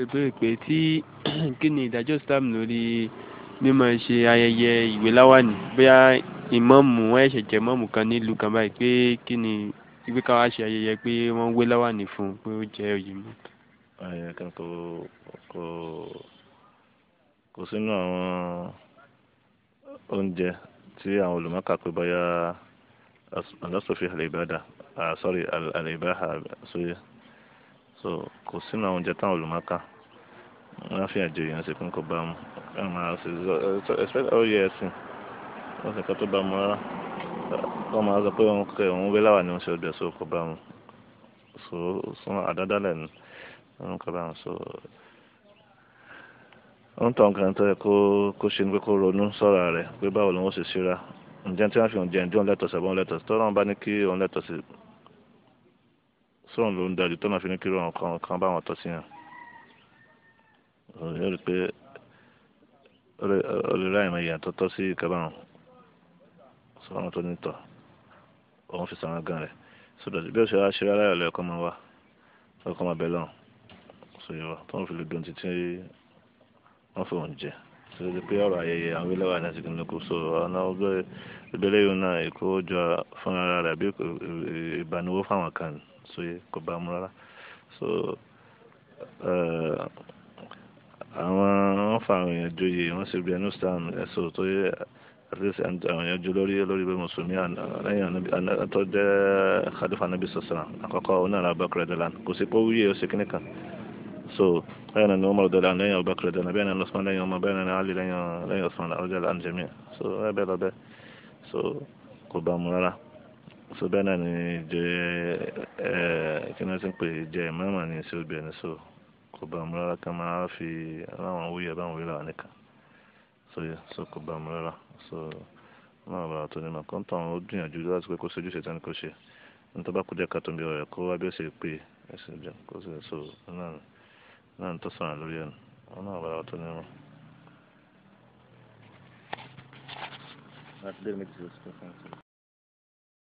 ìbéèrè pé tí kí ni ìdájọ́ Islam lórí mímọ ṣe ayẹyẹ ìwé láwàní bóyá ìmáàmù wọn ẹ̀ṣẹ̀ jẹ́ ìmáàmù kan nílùú kan báyìí pé kí ni ìgbé káwá ṣe ayẹyẹ pé wọ́n wé láwàní fún un pé ó jẹ́ òye mi. ayẹyẹ kan kò kò kò sínú àwọn oúnjẹ tí àwọn olùmọ̀ọ́kà pé bóyá alásòfin àlèbádà sorry àlèbáhà sóyè. So, so kò sínú àwọn oúnjẹ táwọn olùmọ́ká wọ́n á fi àjò yẹn ṣe pé kò bá mu ẹ máa ṣe expect all oh, year ẹ̀sìn wọ́n sì kọ́ tó bá mu rárá wọ́n máa sọ pé òun kẹ òun wéláwà ni wọ́n ṣe ọbẹ̀ so kò bá mu so sún àdádálẹ̀ ni òun kò bá mu so ó ń tàn kan tó yẹ kó kó ṣe ni pé kó ronú sọ́ra rẹ̀ pé báwo lòun ó ṣe ṣíra ǹjẹ́ tí wọ́n fi òun jẹun dí òun lẹ́tọ̀ọ̀sì àbọ̀ òun lẹ́tọ̀ọ̀sì tọ́lọ́run bá ní kí òun lẹ́tọ̀ọ̀sì sóun ló ń dájú tọ́nà fi ní kí wọn kan kan bá wọn tọ́ sí yàn ọ̀rẹ́ rí pé ọ̀rẹ́ ráì mọ ìyàn tó tọ́ sí ìkábàrún sọ́wọ́n tó ní tọ̀ òun fi sàwọn gan rẹ̀ sódà bí ó ṣe wá ṣe rárá ìrọ̀lẹ́ ọkọ̀ máa wá ọkọ̀ máa bẹ̀ lọ́hùn sọ tó ń fi lè dùn títí wọ́n fi òun jẹ́ so lè pé ọ̀rọ̀ ayẹyẹ àwọn ilé wa náà sì kún lóko so ọ̀nà ọgbẹ́ ìbẹ̀rẹ̀ yìí náà èkó jọ fún ara rẹ̀ bí ìbánuwó fáwọn kan so kò bá mu rárá so eh, àwọn wọn fa àwọn èèyàn joyè wọn sì bí ẹnu stan ẹsọ eh, tó yẹ at least àwọn èèyàn jo lórí lórí bí mùsùlùmí lẹ́yìn tó jẹ́ khalifa anabi sọsọ àkọ́kọ́ onára abakura dọlan kò sí pé ó wúyẹ ó sì kíní kan so أنا أن عمر دل عن لين أبو بكر دل بين أن عثمان لين عمر بين أن علي لين لين عثمان رجل عن جميع so أبي ربي so kò bá mu rárá so bẹ́ẹ̀ náà ni jẹ ẹ kí ni wọ́n ti ń pè jẹ ìmọ̀ọ́mọ̀ ní sí obìnrin so kò bá mu rárá kan fi aláwọn wúyẹ báwọn wúyẹ làwọn nìkan so yẹ so kò bá mu rárá so náà bàbá tó ní ma kó ń tàn ó gbìyànjú láti pé kó sojú ṣe tán ni kó ṣe ní tó bá kú jẹ́ ká tó ń bí ọ̀rẹ́ kó wá bí ó ṣe pé ẹ̀sìn so náà. لا انت تسمع البيان انا ولا اعطيني هتدير ميكس